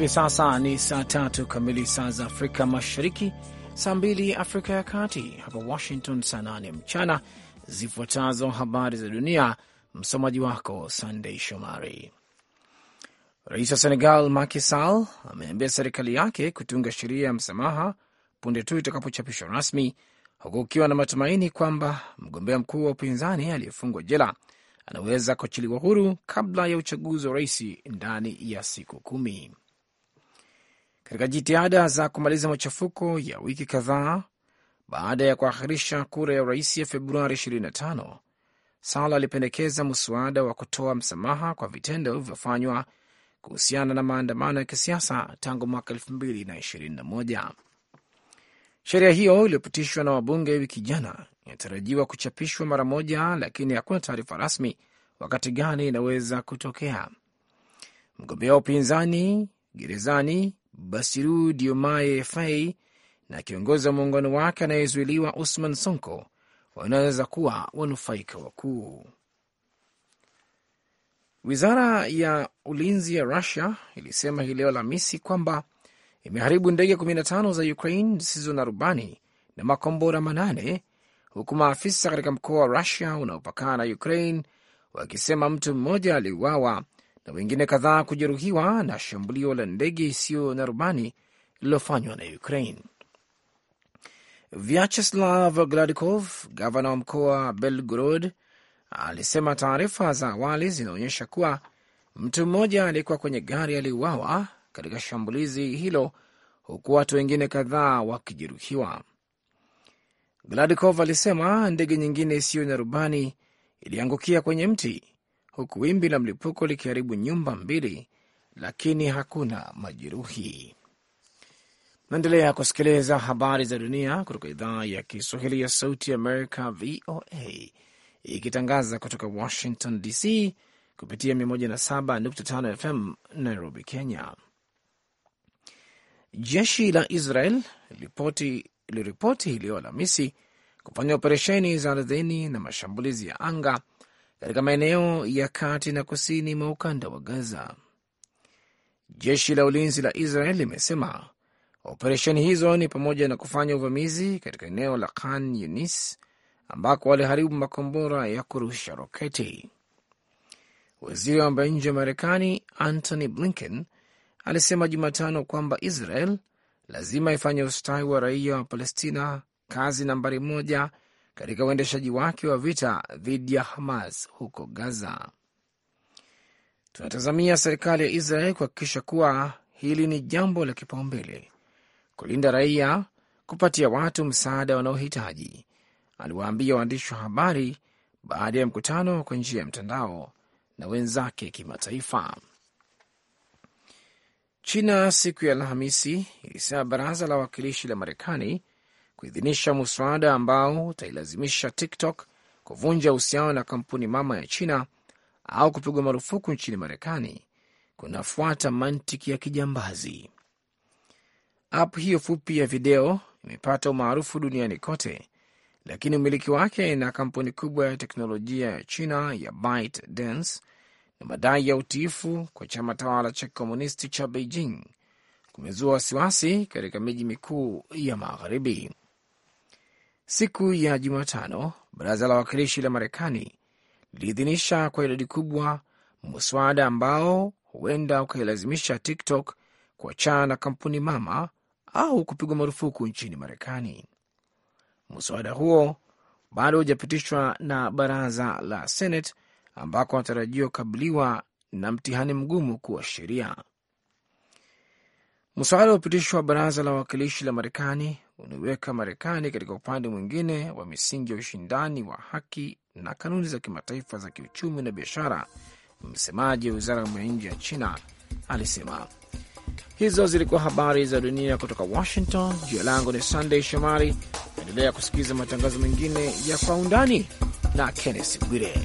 Hivi sasa ni saa tatu kamili saa za Afrika Mashariki, saa mbili Afrika ya Kati, hapa Washington saa nane mchana. Zifuatazo habari za dunia, msomaji wako Sandei Shomari. Rais wa Senegal Macky Sall ameambia serikali yake kutunga sheria ya msamaha punde tu itakapochapishwa rasmi, huku ukiwa na matumaini kwamba mgombea mkuu wa upinzani aliyefungwa jela anaweza kuachiliwa huru kabla ya uchaguzi wa rais ndani ya siku kumi katika jitihada za kumaliza machafuko ya wiki kadhaa baada ya kuahirisha kura ya urais ya Februari 25. Sala alipendekeza mswada wa kutoa msamaha kwa vitendo vilivyofanywa kuhusiana na maandamano ya kisiasa tangu mwaka 2021. Sheria hiyo iliyopitishwa na wabunge wiki jana inatarajiwa kuchapishwa mara moja, lakini hakuna taarifa rasmi wakati gani inaweza kutokea. Mgombea wa upinzani gerezani Basiru Diomaye Faye na kiongozi wa muungano wake anayezuiliwa Usman Sonko wanaweza kuwa wanufaika wakuu. Wizara ya ulinzi ya Rusia ilisema hii leo Alhamisi kwamba imeharibu ndege 15 za Ukraine zisizo na rubani na makombora manane, huku maafisa katika mkoa wa Rusia unaopakana na Ukraine wakisema mtu mmoja aliuawa na wengine kadhaa kujeruhiwa na shambulio la ndege isiyo na rubani lililofanywa na Ukraine. Vyacheslav Gladkov, gavana wa mkoa wa Belgorod, alisema taarifa za awali zinaonyesha kuwa mtu mmoja aliyekuwa kwenye gari aliuawa katika shambulizi hilo huku watu wengine kadhaa wakijeruhiwa. Gladkov alisema ndege nyingine isiyo na rubani iliangukia kwenye mti huku wimbi la mlipuko likiharibu nyumba mbili, lakini hakuna majeruhi. Naendelea kusikiliza habari za dunia kutoka idhaa ya Kiswahili ya Sauti ya Amerika, VOA, ikitangaza kutoka Washington DC kupitia 107.5 FM Nairobi, Kenya. Jeshi la Israel liliripoti hii leo Alhamisi kufanya operesheni za ardhini na mashambulizi ya anga katika maeneo ya kati na kusini mwa ukanda wa Gaza. Jeshi la ulinzi la Israel limesema operesheni hizo ni pamoja na kufanya uvamizi katika eneo la Khan Yunis ambako waliharibu makombora ya kurusha roketi. Waziri wa mambo ya nje wa Marekani Antony Blinken alisema Jumatano kwamba Israel lazima ifanye ustawi wa raia wa Palestina kazi nambari moja katika uendeshaji wake wa vita dhidi ya Hamas huko Gaza. Tunatazamia serikali ya Israel kuhakikisha kuwa hili ni jambo la kipaumbele, kulinda raia, kupatia watu msaada wanaohitaji, aliwaambia waandishi wa habari baada ya mkutano kwa njia ya mtandao na wenzake kimataifa. China siku ya Alhamisi ilisema baraza la wawakilishi la Marekani kuidhinisha mswada ambao utailazimisha TikTok kuvunja uhusiano na kampuni mama ya China au kupigwa marufuku nchini Marekani kunafuata mantiki ya kijambazi. App hiyo fupi ya video imepata umaarufu duniani kote, lakini umiliki wake na kampuni kubwa ya teknolojia ya China ya ByteDance na madai ya utiifu kwa chama tawala cha kikomunisti cha Beijing kumezua wasiwasi katika miji mikuu ya Magharibi. Siku ya Jumatano, baraza la wawakilishi la Marekani liliidhinisha kwa idadi kubwa mswada ambao huenda ukailazimisha TikTok kuachana na kampuni mama au kupigwa marufuku nchini Marekani. Mswada huo bado hujapitishwa na baraza la Senate ambako anatarajiwa kukabiliwa na mtihani mgumu kuwa sheria. Mswada uliopitishwa baraza la wawakilishi la Marekani unaiweka Marekani katika upande mwingine wa misingi ya ushindani wa haki na kanuni za kimataifa za kiuchumi na biashara, msemaji wa wizara ya mambo ya nje ya China alisema. Hizo zilikuwa habari za dunia kutoka Washington. Jina langu ni Sandey Shomari. Endelea kusikiliza matangazo mengine ya Kwa Undani na Kennes Bwire.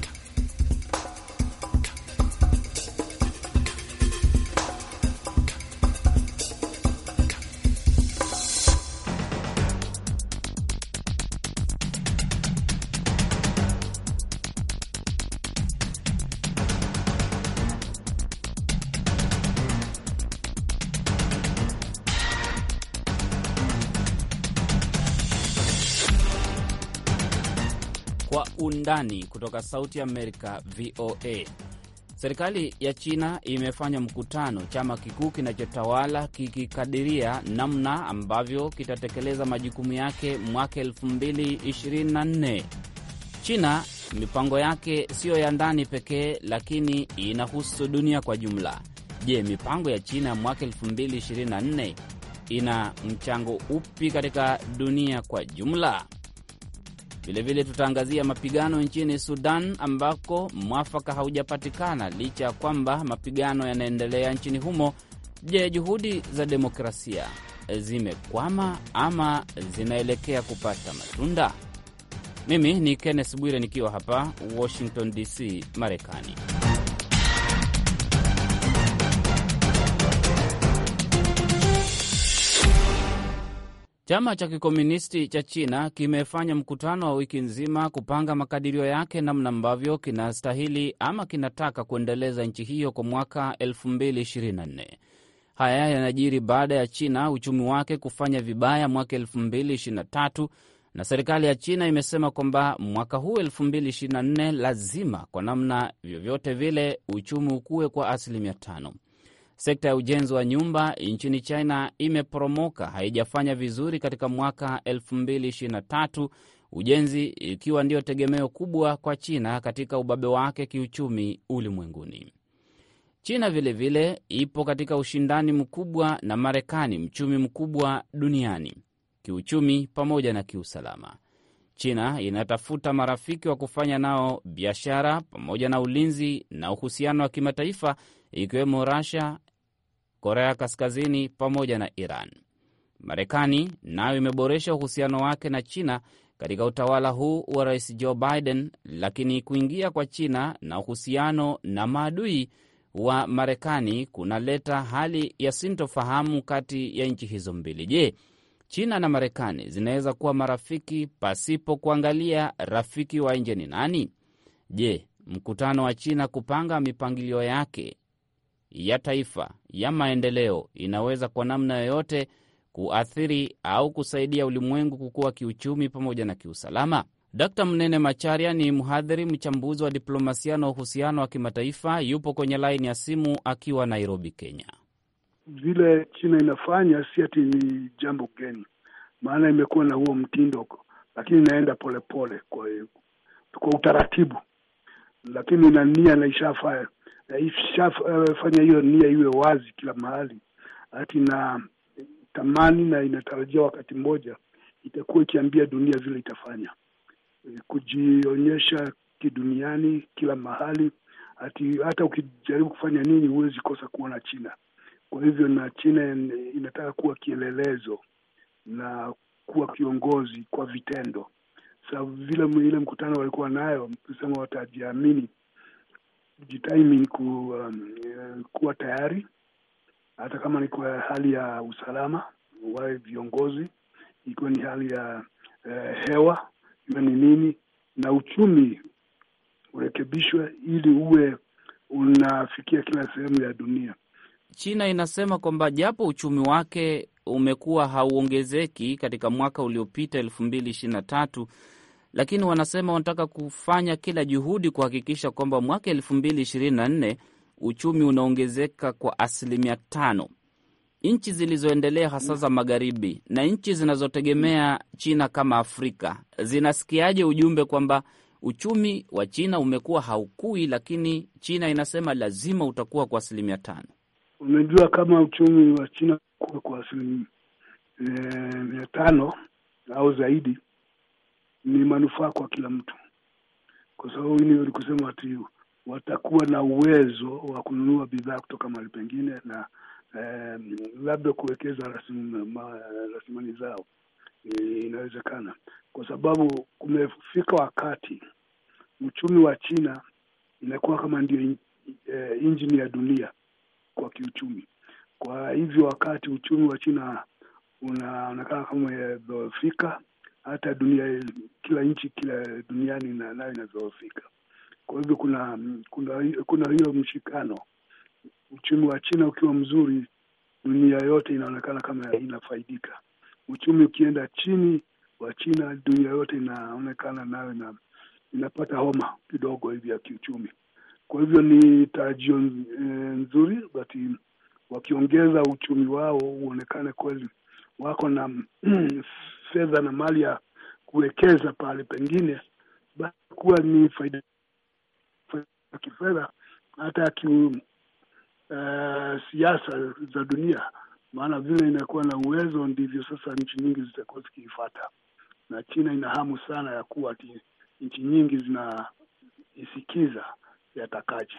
Undani kutoka Sauti Amerika, VOA. Serikali ya China imefanya mkutano, chama kikuu kinachotawala kikikadiria namna ambavyo kitatekeleza majukumu yake mwaka 2024. China mipango yake siyo ya ndani pekee, lakini inahusu dunia kwa jumla. Je, mipango ya China mwaka 2024 ina mchango upi katika dunia kwa jumla? Vilevile tutaangazia mapigano nchini Sudan ambako mwafaka haujapatikana licha ya kwamba mapigano yanaendelea nchini humo. Je, juhudi za demokrasia zimekwama ama zinaelekea kupata matunda? Mimi ni Kenneth Bwire nikiwa hapa Washington DC, Marekani. Chama cha kikomunisti cha China kimefanya mkutano wa wiki nzima kupanga makadirio yake namna ambavyo kinastahili ama kinataka kuendeleza nchi hiyo kwa mwaka 2024. Haya yanajiri baada ya China uchumi wake kufanya vibaya mwaka 2023 na serikali ya China imesema kwamba mwaka huu 2024 lazima kwa namna vyovyote vile uchumi ukuwe kwa asilimia tano. Sekta ya ujenzi wa nyumba nchini China imeporomoka, haijafanya vizuri katika mwaka 2023 ujenzi ikiwa ndiyo tegemeo kubwa kwa China katika ubabe wake kiuchumi ulimwenguni. China vilevile vile, ipo katika ushindani mkubwa na Marekani, mchumi mkubwa duniani kiuchumi pamoja na kiusalama. China inatafuta marafiki wa kufanya nao biashara pamoja na ulinzi na uhusiano wa kimataifa, ikiwemo Russia, Korea Kaskazini pamoja na Iran. Marekani nayo imeboresha uhusiano wake na China katika utawala huu wa Rais Joe Biden, lakini kuingia kwa China na uhusiano na maadui wa Marekani kunaleta hali ya sintofahamu kati ya nchi hizo mbili. Je, China na Marekani zinaweza kuwa marafiki pasipo kuangalia rafiki wa nje ni nani? Je, mkutano wa China kupanga mipangilio yake ya taifa ya maendeleo inaweza kwa namna yoyote kuathiri au kusaidia ulimwengu kukua kiuchumi pamoja na kiusalama? Dkt Mnene Macharia ni mhadhiri mchambuzi wa diplomasia na uhusiano wa kimataifa, yupo kwenye laini ya simu akiwa Nairobi, Kenya. Vile China inafanya si ati ni jambo geni, maana imekuwa na huo mtindo, lakini inaenda polepole kwa, kwa utaratibu, lakini na nia na ishafaya na ishafanya eh, hiyo nia iwe wazi kila mahali, hati na tamani na inatarajia wakati mmoja itakuwa ikiambia dunia vile itafanya eh, kujionyesha kiduniani kila mahali hati, hata ukijaribu kufanya nini huwezi kosa kuona China. Kwa hivyo na China inataka kuwa kielelezo na kuwa kiongozi kwa vitendo. Sa vile ile mkutano walikuwa nayo sema watajiamini kujitaimin ku, um, kuwa tayari hata kama ni kwa hali ya usalama wawe viongozi, ikiwa ni hali ya uh, hewa iwe ni nini, na uchumi urekebishwe ili uwe unafikia kila sehemu ya dunia. China inasema kwamba japo uchumi wake umekuwa hauongezeki katika mwaka uliopita elfu mbili ishirini na tatu lakini wanasema wanataka kufanya kila juhudi kuhakikisha kwamba mwaka elfu mbili ishirini na nne uchumi unaongezeka kwa asilimia tano. Nchi zilizoendelea hasa za magharibi na nchi zinazotegemea China kama Afrika zinasikiaje ujumbe kwamba uchumi wa China umekuwa haukui, lakini China inasema lazima utakuwa kwa asilimia tano? Unajua, kama uchumi wa China kuwa kwa asilimia e, mia tano au zaidi ni manufaa kwa kila mtu, kwa sababu hili walikusema ati watakuwa na uwezo wa kununua bidhaa kutoka mahali pengine na eh, labda kuwekeza rasilimali zao. Inawezekana kwa sababu kumefika wakati uchumi wa China inakuwa kama ndio in, eh, injini ya dunia kwa kiuchumi. Kwa hivyo wakati uchumi wa China unaonekana kama umedhoofika hata dunia kila nchi kila duniani na nayo inavyohusika. Kwa hivyo kuna kuna kuna hiyo mshikano, uchumi wa China ukiwa mzuri, dunia yote inaonekana kama inafaidika. Uchumi ukienda chini wa China, dunia yote inaonekana nayo na inapata homa kidogo hivi ya kiuchumi. Kwa hivyo ni tarajio eh, nzuri, but wakiongeza uchumi wao uonekane kweli wako na fedha na mali ya kuwekeza pale pengine, kuwa ni faida ya kifedha hata ya kisiasa eh, uh, za dunia, maana vile inakuwa na uwezo, ndivyo sasa nchi nyingi zitakuwa zikiifata, na China ina hamu sana ya kuwa ti nchi nyingi zinaisikiza yatakaji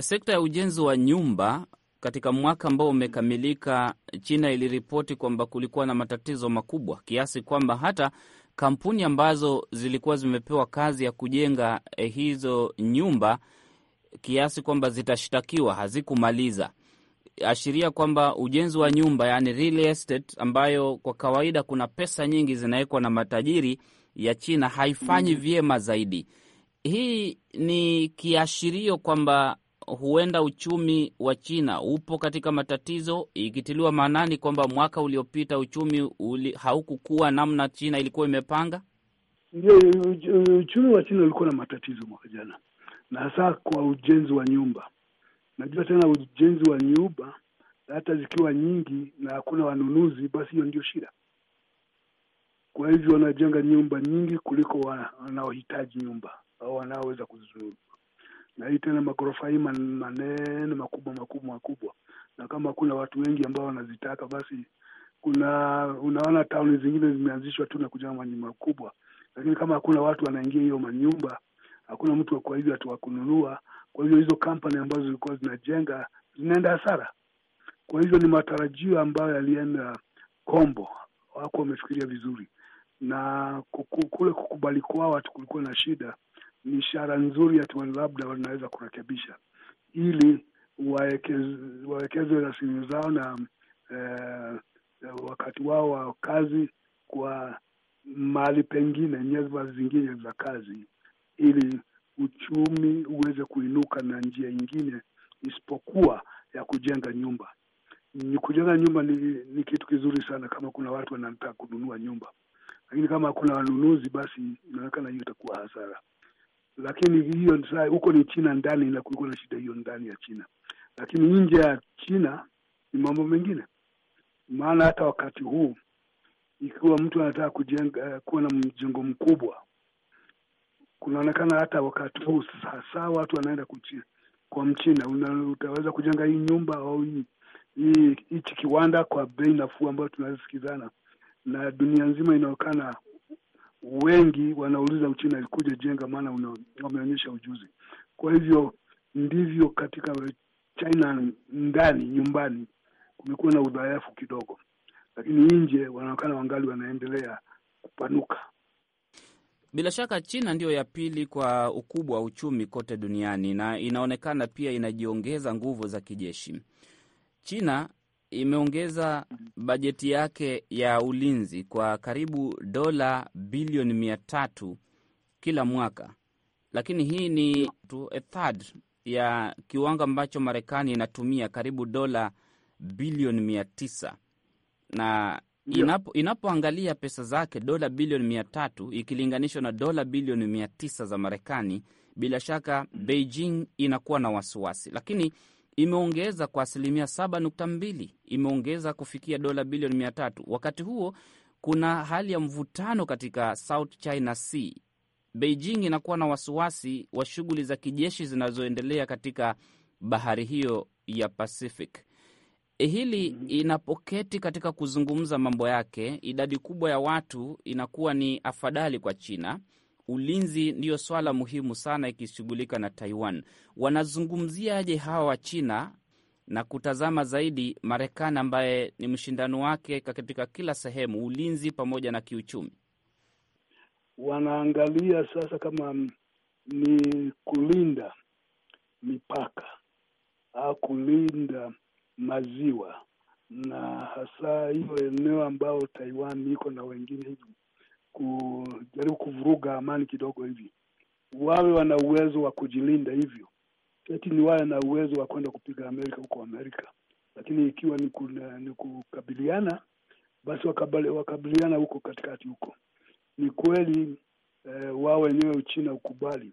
Sekta ya ujenzi wa nyumba katika mwaka ambao umekamilika, China iliripoti kwamba kulikuwa na matatizo makubwa kiasi kwamba hata kampuni ambazo zilikuwa zimepewa kazi ya kujenga eh, hizo nyumba kiasi kwamba zitashtakiwa hazikumaliza ashiria kwamba ujenzi wa nyumba yani real estate, ambayo kwa kawaida kuna pesa nyingi zinawekwa na matajiri ya China haifanyi mm, vyema zaidi. Hii ni kiashirio kwamba huenda uchumi wa China upo katika matatizo, ikitiliwa maanani kwamba mwaka uliopita uchumi uli, haukukuwa namna China ilikuwa imepanga. Ndio, uchumi wa China ulikuwa na matatizo mwaka jana, na hasa kwa ujenzi wa nyumba. Najua tena ujenzi wa nyumba hata zikiwa nyingi na hakuna wanunuzi, basi hiyo ndio shida. Kwa hivyo wanajenga nyumba nyingi kuliko wanaohitaji nyumba au wanaoweza kuzuru na hii tena magorofa hii manene makubwa makubwa makubwa, na kama kuna watu wengi ambao wanazitaka basi, kuna unaona tauni zingine zimeanzishwa tu na kujenga manyumba makubwa, lakini kama hakuna watu wanaingia hiyo manyumba, hakuna mtu kwa hivyo hatu wakununua. Kwa hivyo hizo kampani ambazo zilikuwa zinajenga zinaenda hasara. Kwa hivyo ni matarajio ambayo yalienda kombo, wako wamefikiria vizuri na kule kukubali kwao watu kulikuwa na shida ni ishara nzuri ati labda wanaweza kurekebisha ili wawekeze rasimu zao na eh, wakati wao wa kazi kwa mali pengine, nyadhifa zingine za kazi, ili uchumi uweze kuinuka na njia ingine isipokuwa ya kujenga nyumba. Kujenga nyumba ni, ni kitu kizuri sana kama kuna watu wanataka kununua nyumba, lakini kama hakuna wanunuzi, basi inaonekana hiyo itakuwa hasara lakini hiyo huko ni China ndani, na kulikuwa na shida hiyo ndani ya China, lakini nje ya China ni mambo mengine. Maana hata wakati huu ikiwa mtu anataka kujenga kuwa na mjengo mkubwa, kunaonekana hata wakati huu hasa watu wanaenda kwa mchina una, utaweza kujenga hii nyumba au hichi kiwanda kwa bei nafuu ambayo tunasikizana na dunia nzima inaonekana wengi wanauliza Uchina alikuja jenga, maana wameonyesha ujuzi. Kwa hivyo ndivyo katika China ndani nyumbani kumekuwa na udhaifu kidogo, lakini nje wanaonekana wangali wanaendelea kupanuka. Bila shaka China ndiyo ya pili kwa ukubwa wa uchumi kote duniani na inaonekana pia inajiongeza nguvu za kijeshi. China imeongeza bajeti yake ya ulinzi kwa karibu dola bilioni mia tatu kila mwaka, lakini hii ni a third ya kiwango ambacho Marekani inatumia karibu dola bilioni mia tisa na inapo, inapoangalia pesa zake dola bilioni mia tatu ikilinganishwa na dola bilioni mia tisa za Marekani, bila shaka mm. Beijing inakuwa na wasiwasi, lakini imeongeza kwa asilimia 7.2, imeongeza kufikia dola bilioni 300. Wakati huo kuna hali ya mvutano katika South China Sea. Beijing inakuwa na wasiwasi wa shughuli za kijeshi zinazoendelea katika bahari hiyo ya Pacific. E, hili inapoketi katika kuzungumza mambo yake, idadi kubwa ya watu inakuwa ni afadhali kwa China ulinzi ndiyo swala muhimu sana ikishughulika na Taiwan. Wanazungumziaje hawa wa China na kutazama zaidi Marekani ambaye ni mshindano wake katika kila sehemu, ulinzi pamoja na kiuchumi? Wanaangalia sasa kama ni kulinda mipaka au kulinda maziwa na hasa hiyo eneo ambayo Taiwan iko na wengine hivi kujaribu kuvuruga amani kidogo hivi, wawe wana uwezo wa kujilinda hivyo, eti ni wawe na uwezo wa kwenda kupiga Amerika huko Amerika, lakini ikiwa ni, kuna, ni kukabiliana basi wakabali, wakabiliana huko katikati huko. Ni kweli eh, wao wenyewe Uchina ukubali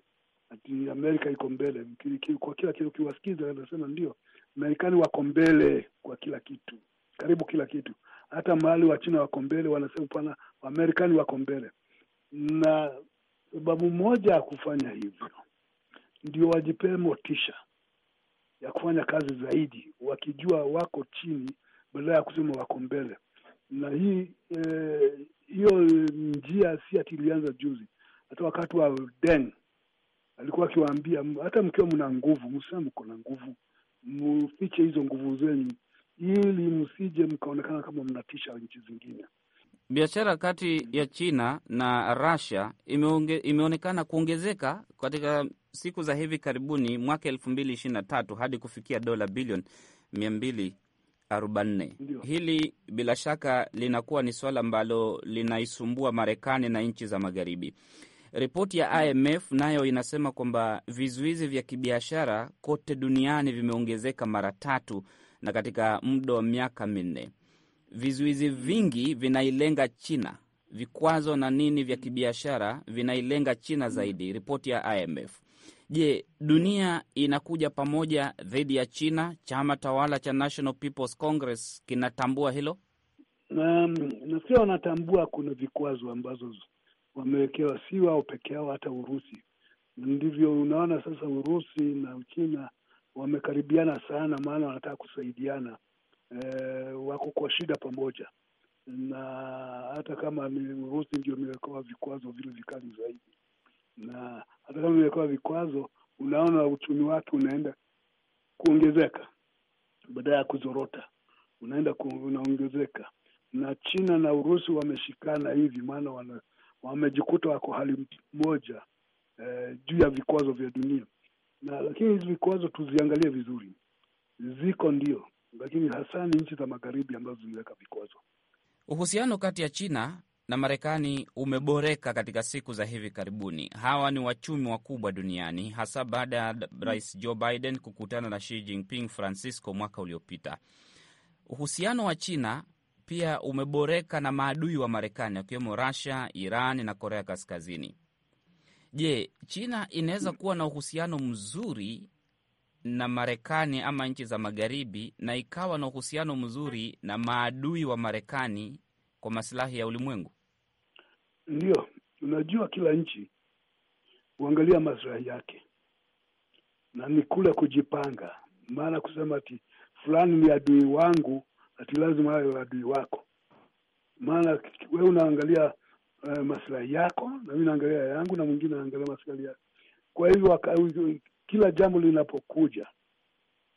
ati Amerika iko mbele kwa kila kitu. Ukiwasikiza anasema ndio Marekani wako mbele kwa kila kitu, karibu kila kitu hata mahali wa China wako mbele, wanasema pana Wamarekani wako mbele, na sababu moja ya kufanya hivyo ndio wajipee motisha ya kufanya kazi zaidi, wakijua wako chini badala ya kusema wako mbele. Na hii eh, hiyo eh, njia si ati ilianza juzi, hata wakati wa Deng alikuwa akiwaambia, hata mkiwa mna nguvu, msema mko na nguvu, mfiche hizo nguvu zenyu msije mkaonekana kama mnatisha nchi zingine. Biashara kati ya China na Russia imeonge, imeonekana kuongezeka katika siku za hivi karibuni, mwaka elfu mbili ishirini na tatu hadi kufikia dola bilioni mia mbili arobaini na nne. Hili bila shaka linakuwa ni swala ambalo linaisumbua Marekani na nchi za Magharibi. Ripoti ya IMF nayo inasema kwamba vizuizi vya kibiashara kote duniani vimeongezeka mara tatu na katika muda wa miaka minne. Vizuizi vingi vinailenga China, vikwazo na nini vya kibiashara vinailenga China zaidi, ripoti ya IMF. Je, dunia inakuja pamoja dhidi ya China? Chama tawala cha National People's Congress kinatambua hilo na nafikiri wanatambua kuna vikwazo ambazo wamewekewa, si wao peke yao, hata Urusi. Ndivyo unaona sasa Urusi na Uchina wamekaribiana sana, maana wanataka kusaidiana e, wako kwa shida pamoja, na hata kama Urusi ndio imewekewa vikwazo vile vikali zaidi, na hata kama imewekewa vikwazo, unaona uchumi wake unaenda kuongezeka badala ya kuzorota, unaenda ku, unaongezeka. Na China na Urusi wameshikana hivi, maana wamejikuta wako hali moja e, juu ya vikwazo vya dunia na lakini hizi vikwazo tuziangalie vizuri, ziko ndio, lakini hasa ni nchi za magharibi ambazo ziliweka vikwazo. Uhusiano kati ya China na Marekani umeboreka katika siku za hivi karibuni. Hawa ni wachumi wakubwa duniani, hasa baada ya Rais Joe Biden kukutana na Xi Jinping Francisco mwaka uliopita. Uhusiano wa China pia umeboreka na maadui wa Marekani wakiwemo Rusia, Iran na Korea Kaskazini. Je, China inaweza kuwa na uhusiano mzuri na Marekani ama nchi za Magharibi na ikawa na uhusiano mzuri na maadui wa Marekani kwa masilahi ya ulimwengu? ndio unajua kila nchi huangalia maslahi yake na ni kule kujipanga, maana kusema ati fulani ni adui wangu ati lazima ayo adui wako, maana wewe unaangalia uh, maslahi yako na mi naangalia yangu na mwingine anaangalia maslahi yake. Kwa hivyo kila jambo linapokuja,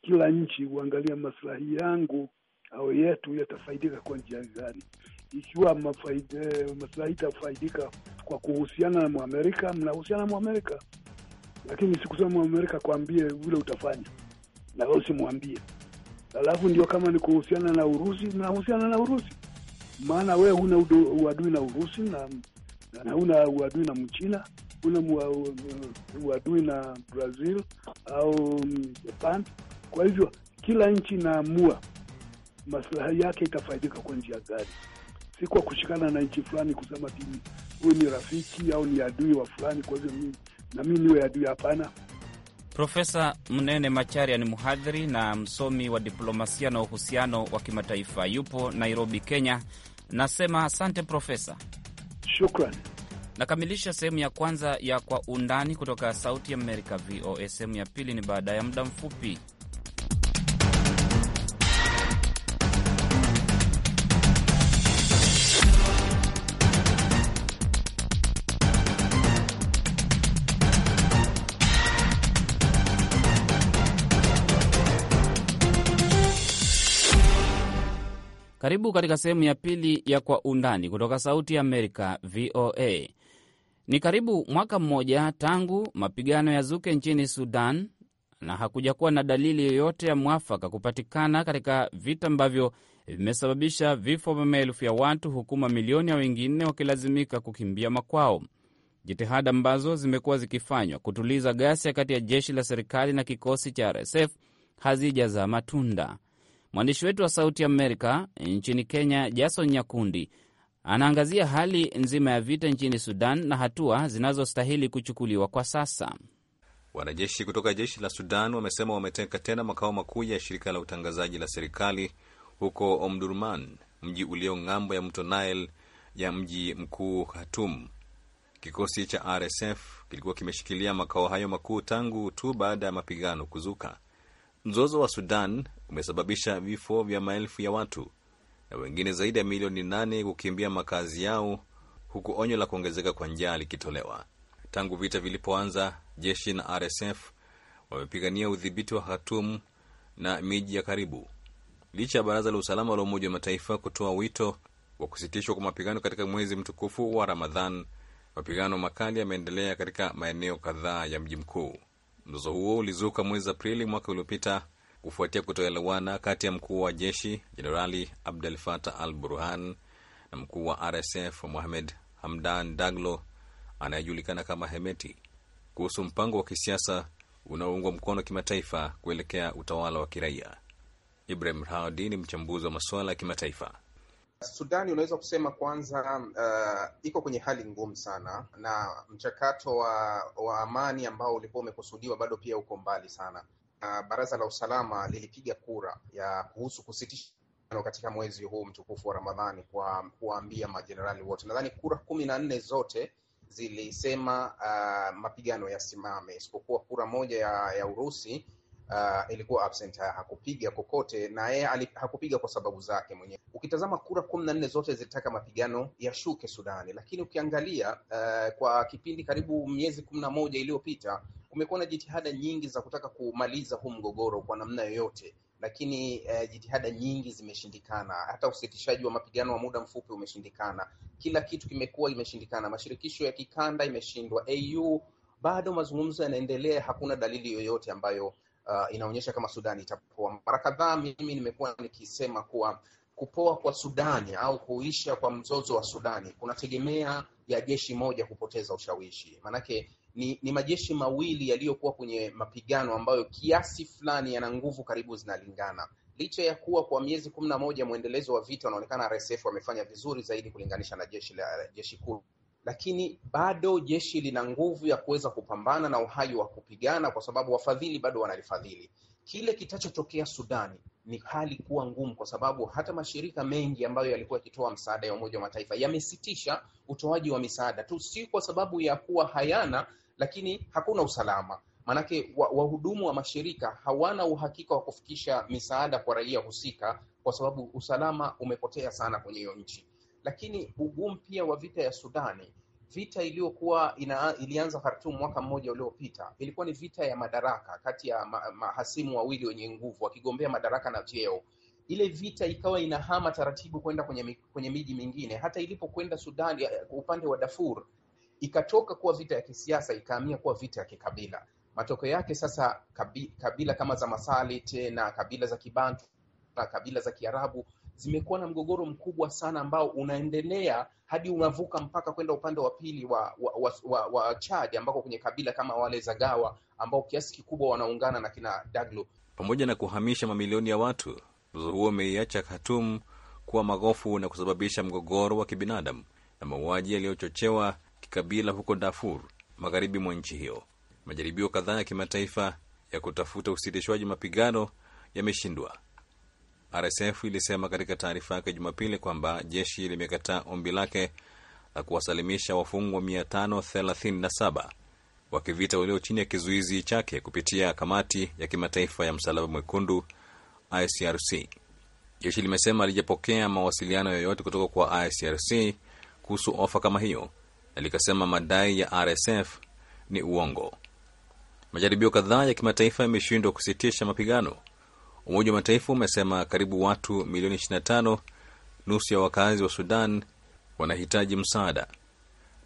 kila nchi huangalia maslahi yangu au yetu yatafaidika kwa njia gani. Ikiwa eh, maslahi itafaidika kwa kuhusiana na Mwamerika, mnahusiana na Mwamerika, lakini sikusema Mwamerika kuambie vile utafanya na we usimwambie. Alafu ndio kama ni kuhusiana na Urusi, mnahusiana na Urusi maana wewe huna uadui na Urusi na hauna uadui na Mchina, huna uadui na Brazil au Japan. Kwa hivyo kila nchi inaamua maslahi yake itafaidika kwa njia gani, si kwa kushikana na nchi fulani kusema huyu ni rafiki au ni adui wa fulani, kwa hivyo mimi na mimi niwe adui. Hapana. Profesa Mnene Macharia ni mhadhiri na msomi wa diplomasia na uhusiano wa kimataifa, yupo Nairobi, Kenya, Nasema asante Profesa, shukran. Nakamilisha sehemu ya kwanza ya Kwa Undani kutoka Sauti ya Amerika, VOA. Sehemu ya pili ni baada ya muda mfupi. Karibu katika sehemu ya pili ya Kwa Undani kutoka Sauti ya Amerika, VOA. Ni karibu mwaka mmoja tangu mapigano ya zuke nchini Sudan na hakujakuwa na dalili yoyote ya mwafaka kupatikana katika vita ambavyo vimesababisha vifo vya maelfu ya watu huku mamilioni ya wengine wakilazimika kukimbia makwao. Jitihada ambazo zimekuwa zikifanywa kutuliza ghasia kati ya jeshi la serikali na kikosi cha RSF hazijazaa matunda. Mwandishi wetu wa Sauti Amerika nchini Kenya, Jason Nyakundi, anaangazia hali nzima ya vita nchini Sudan na hatua zinazostahili kuchukuliwa kwa sasa. Wanajeshi kutoka jeshi la Sudan wamesema wameteka tena makao makuu ya shirika la utangazaji la serikali huko Omdurman, mji ulio ng'ambo ya mto Nile ya mji mkuu Khartoum. Kikosi cha RSF kilikuwa kimeshikilia makao hayo makuu tangu tu baada ya mapigano kuzuka. Mzozo wa Sudan umesababisha vifo vya maelfu ya watu na wengine zaidi ya milioni nane kukimbia makazi yao huku onyo la kuongezeka kwa njaa likitolewa. Tangu vita vilipoanza, jeshi na RSF wamepigania udhibiti wa Khartoum na miji ya karibu. Licha ya baraza la usalama la Umoja wa Mataifa kutoa wito wa kusitishwa kwa mapigano katika mwezi mtukufu wa Ramadhan, mapigano makali yameendelea katika maeneo kadhaa ya mji mkuu. Mzozo huo ulizuka mwezi Aprili mwaka uliopita kufuatia kutoelewana kati ya mkuu wa jeshi Jenerali Abdel Fatah al Burhan na mkuu wa RSF Mohamed Hamdan Daglo anayejulikana kama Hemeti kuhusu mpango wa kisiasa unaoungwa mkono kimataifa kuelekea utawala wa kiraia. Ibrahim Rahadi ni mchambuzi wa masuala ya kimataifa. Sudani unaweza kusema kwanza, uh, iko kwenye hali ngumu sana, na mchakato wa, wa amani ambao ulikuwa umekusudiwa bado pia uko mbali sana na baraza la usalama lilipiga kura ya kuhusu kusitisha katika mwezi huu mtukufu wa Ramadhani kwa kuwaambia majenerali wote. Nadhani kura kumi na nne zote zilisema uh, mapigano yasimame isipokuwa kura moja ya, ya Urusi uh, ilikuwa absent, hakupiga kokote, na yeye hakupiga kwa sababu zake mwenyewe. Ukitazama kura kumi na nne zote zilitaka mapigano yashuke Sudani, lakini ukiangalia uh, kwa kipindi karibu miezi kumi na moja iliyopita kumekuwa na jitihada nyingi za kutaka kumaliza huu mgogoro kwa namna yoyote, lakini eh, jitihada nyingi zimeshindikana. Hata usitishaji wa mapigano wa muda mfupi umeshindikana. Kila kitu kimekuwa imeshindikana. Mashirikisho ya kikanda imeshindwa. AU bado mazungumzo yanaendelea, hakuna dalili yoyote ambayo uh, inaonyesha kama Sudani itapoa. Mara kadhaa mimi nimekuwa nikisema kuwa kupoa kwa Sudani au kuisha kwa mzozo wa Sudani kunategemea ya jeshi moja kupoteza ushawishi. Maanake ni, ni majeshi mawili yaliyokuwa kwenye mapigano ambayo kiasi fulani yana nguvu karibu zinalingana, licha ya kuwa kwa miezi kumi na moja mwendelezo wa vita unaonekana RSF wamefanya vizuri zaidi kulinganisha na jeshi la jeshi kuu, lakini bado jeshi lina nguvu ya kuweza kupambana na uhai wa kupigana, kwa sababu wafadhili bado wanalifadhili. Kile kitachotokea Sudani ni hali kuwa ngumu, kwa sababu hata mashirika mengi ambayo yalikuwa yakitoa msaada ya Umoja wa Mataifa yamesitisha utoaji wa misaada tu, si kwa sababu ya kuwa hayana, lakini hakuna usalama. Maanake wahudumu wa, wa mashirika hawana uhakika wa kufikisha misaada kwa raia husika, kwa sababu usalama umepotea sana kwenye hiyo nchi. Lakini ugumu pia wa vita ya Sudani Vita iliyokuwa ilianza Khartoum mwaka mmoja uliopita ilikuwa ni vita ya madaraka kati ya mahasimu wawili wenye nguvu wakigombea madaraka na vyeo. Ile vita ikawa inahama taratibu kwenda kwenye, kwenye miji mingine. Hata ilipokwenda Sudan upande wa Darfur ikatoka kuwa vita ya kisiasa ikahamia kuwa vita ya kikabila. Matokeo yake sasa kabila kama za Masalit na kabila za Kibantu na kabila za Kiarabu zimekuwa na mgogoro mkubwa sana ambao unaendelea hadi unavuka mpaka kwenda upande wa pili wa wa, wa, wa, wa Chad ambako kwenye kabila kama wale Zagawa ambao kiasi kikubwa wanaungana na kina Daglo. Pamoja na kuhamisha mamilioni ya watu, mzozo huo umeiacha Khartoum kuwa magofu na kusababisha mgogoro wa kibinadamu na mauaji yaliyochochewa kikabila huko Darfur, magharibi mwa nchi hiyo. Majaribio kadhaa ya kimataifa ya kutafuta usitishwaji mapigano yameshindwa. RSF ilisema katika taarifa yake Jumapili kwamba jeshi limekataa ombi lake la kuwasalimisha wafungwa 537 wa kivita walio chini ya kizuizi chake kupitia kamati ya kimataifa ya msalaba mwekundu ICRC. Jeshi limesema alijapokea mawasiliano yoyote kutoka kwa ICRC kuhusu ofa kama hiyo na likasema madai ya RSF ni uongo. Majaribio kadhaa ya kimataifa yameshindwa kusitisha mapigano Umoja wa Mataifa umesema karibu watu milioni 25, nusu ya wakazi wa Sudan, wanahitaji msaada.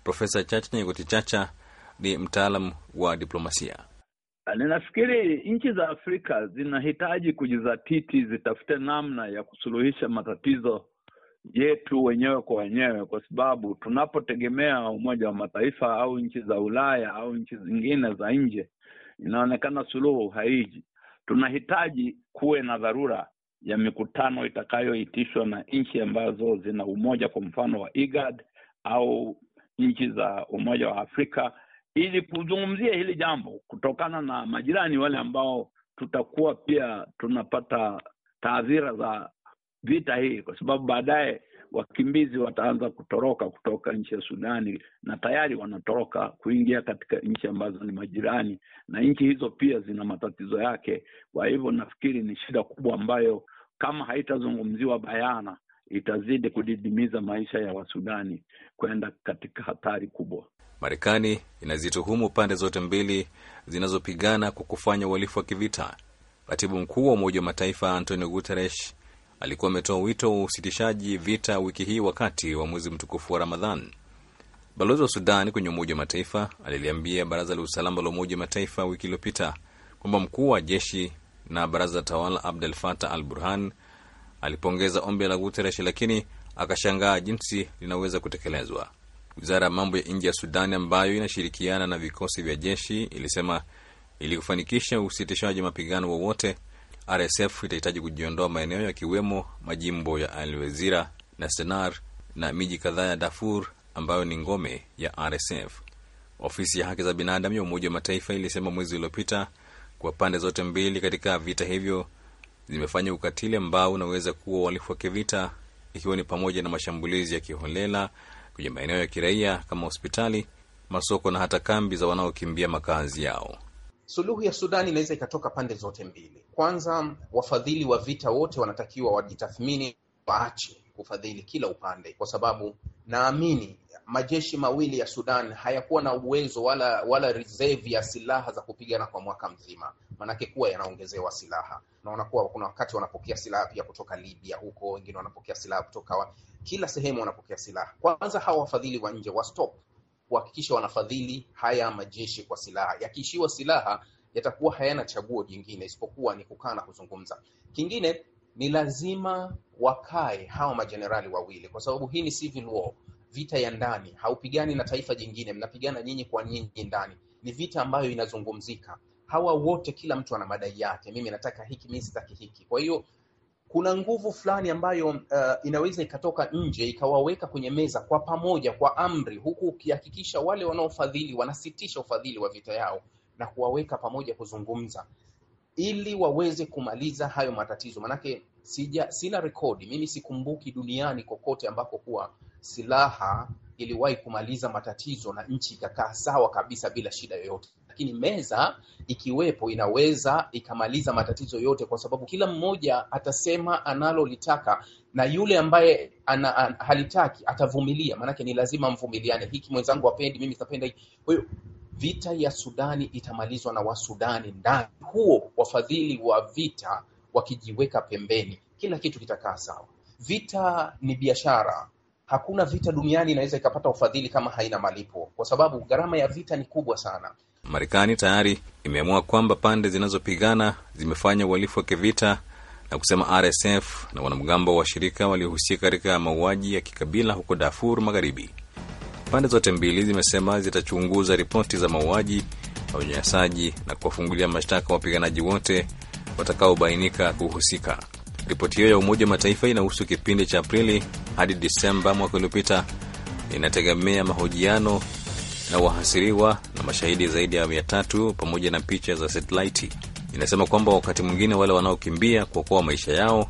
Profesa Chacha Nyegoti Chacha ni mtaalam wa diplomasia. Ninafikiri nchi za Afrika zinahitaji kujizatiti, zitafute namna ya kusuluhisha matatizo yetu wenyewe kwa wenyewe, kwa sababu tunapotegemea Umoja wa Mataifa au nchi za Ulaya au nchi zingine za nje, inaonekana suluhu haiji tunahitaji kuwe na dharura ya mikutano itakayoitishwa na nchi ambazo zina umoja, kwa mfano wa IGAD au nchi za Umoja wa Afrika, ili kuzungumzia hili jambo, kutokana na majirani wale ambao tutakuwa pia tunapata taadhira za vita hii, kwa sababu baadaye wakimbizi wataanza kutoroka kutoka nchi ya Sudani na tayari wanatoroka kuingia katika nchi ambazo ni majirani, na nchi hizo pia zina matatizo yake. Kwa hivyo nafikiri ni shida kubwa ambayo kama haitazungumziwa bayana itazidi kudidimiza maisha ya Wasudani kwenda katika hatari kubwa. Marekani inazituhumu pande zote mbili zinazopigana kwa kufanya uhalifu wa kivita. Katibu mkuu wa Umoja wa Mataifa Antonio Guterres alikuwa ametoa wito wa usitishaji vita wiki hii wakati wa mwezi mtukufu wa Ramadhan. Balozi wa Sudan kwenye Umoja wa Mataifa aliliambia Baraza la Usalama la Umoja wa Mataifa wiki iliyopita kwamba mkuu wa jeshi na baraza tawala Abdel Fattah al Burhan alipongeza ombi la Guteresh, lakini akashangaa jinsi linaweza kutekelezwa. Wizara ya mambo ya nje ya Sudani ambayo inashirikiana na vikosi vya jeshi ilisema ili kufanikisha usitishaji mapigano wowote RSF itahitaji kujiondoa maeneo yakiwemo majimbo ya Alwezira na Senar na miji kadhaa ya Darfur ambayo ni ngome ya RSF. Ofisi ya haki za binadamu ya Umoja wa Mataifa ilisema mwezi uliopita kwa pande zote mbili katika vita hivyo zimefanya ukatili ambao unaweza kuwa uhalifu wa kivita, ikiwa ni pamoja na mashambulizi ya kiholela kwenye maeneo ya kiraia kama hospitali, masoko na hata kambi za wanaokimbia makazi yao. Suluhu ya Sudani inaweza ikatoka pande zote mbili. Kwanza, wafadhili wa vita wote wanatakiwa wajitathmini, waache kufadhili kila upande, kwa sababu naamini majeshi mawili ya Sudan hayakuwa na uwezo wala wala reserve ya silaha za kupigana kwa mwaka mzima, maanake kuwa yanaongezewa silaha. Naona kuwa kuna wakati wanapokea silaha pia kutoka Libya huko, wengine wanapokea silaha kutoka wa... kila sehemu wanapokea silaha. Kwanza hawa wafadhili wa nje stop kuhakikisha wanafadhili haya majeshi kwa silaha. Yakiishiwa silaha, yatakuwa hayana chaguo jingine isipokuwa ni kukaa na kuzungumza. Kingine ni lazima wakae hawa majenerali wawili, kwa sababu hii ni civil war, vita ya ndani. Haupigani na taifa jingine, mnapigana nyinyi kwa nyinyi ndani. Ni vita ambayo inazungumzika. Hawa wote, kila mtu ana madai yake, mimi nataka hiki, mimi sitaki hiki. Kwa hiyo kuna nguvu fulani ambayo uh, inaweza ikatoka nje ikawaweka kwenye meza kwa pamoja kwa amri, huku ukihakikisha wale wanaofadhili wanasitisha ufadhili wa vita yao na kuwaweka pamoja kuzungumza ili waweze kumaliza hayo matatizo. Manake sija, sina rekodi mimi, sikumbuki duniani kokote ambako kuwa silaha iliwahi kumaliza matatizo na nchi ikakaa sawa kabisa bila shida yoyote lakini meza ikiwepo inaweza ikamaliza matatizo yote, kwa sababu kila mmoja atasema analolitaka na yule ambaye ana, an, halitaki atavumilia. Maanake ni lazima mvumiliane, hiki mwenzangu apendi, mimi sitapenda hiki. Kwa hiyo vita ya Sudani itamalizwa na Wasudani ndani huo, wafadhili wa vita wakijiweka pembeni, kila kitu kitakaa sawa. Vita ni biashara. Hakuna vita duniani inaweza ikapata ufadhili kama haina malipo, kwa sababu gharama ya vita ni kubwa sana. Marekani tayari imeamua kwamba pande zinazopigana zimefanya uhalifu wa kivita na kusema RSF na wanamgambo washirika waliohusika katika mauaji ya kikabila huko Darfur Magharibi. Pande zote mbili zimesema zitachunguza ripoti za mauaji na unyanyasaji na kuwafungulia mashtaka wapiganaji wote watakaobainika kuhusika. Ripoti hiyo ya Umoja wa Mataifa inahusu kipindi cha Aprili hadi Disemba mwaka uliopita, inategemea mahojiano na wahasiriwa na mashahidi zaidi ya mia tatu pamoja na picha za satelaiti. Inasema kwamba wakati mwingine wale wanaokimbia kuokoa maisha yao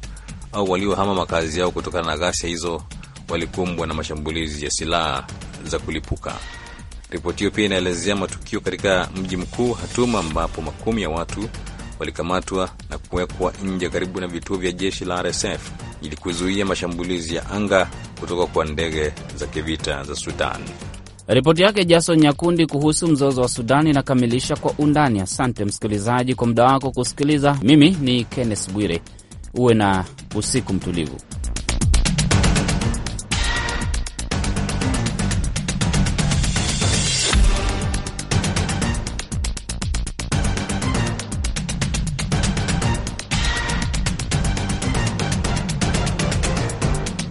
au waliohama makazi yao kutokana na ghasia hizo walikumbwa na mashambulizi ya silaha za kulipuka. Ripoti hiyo pia inaelezea matukio katika mji mkuu Hatuma, ambapo makumi ya watu walikamatwa na kuwekwa nje karibu na vituo vya jeshi la RSF ili kuzuia mashambulizi ya anga kutoka kwa ndege za kivita za Sudan. Ripoti yake Jason Nyakundi kuhusu mzozo wa Sudani inakamilisha kwa undani. Asante msikilizaji kwa muda wako kusikiliza. Mimi ni Kenneth Bwire, uwe na usiku mtulivu.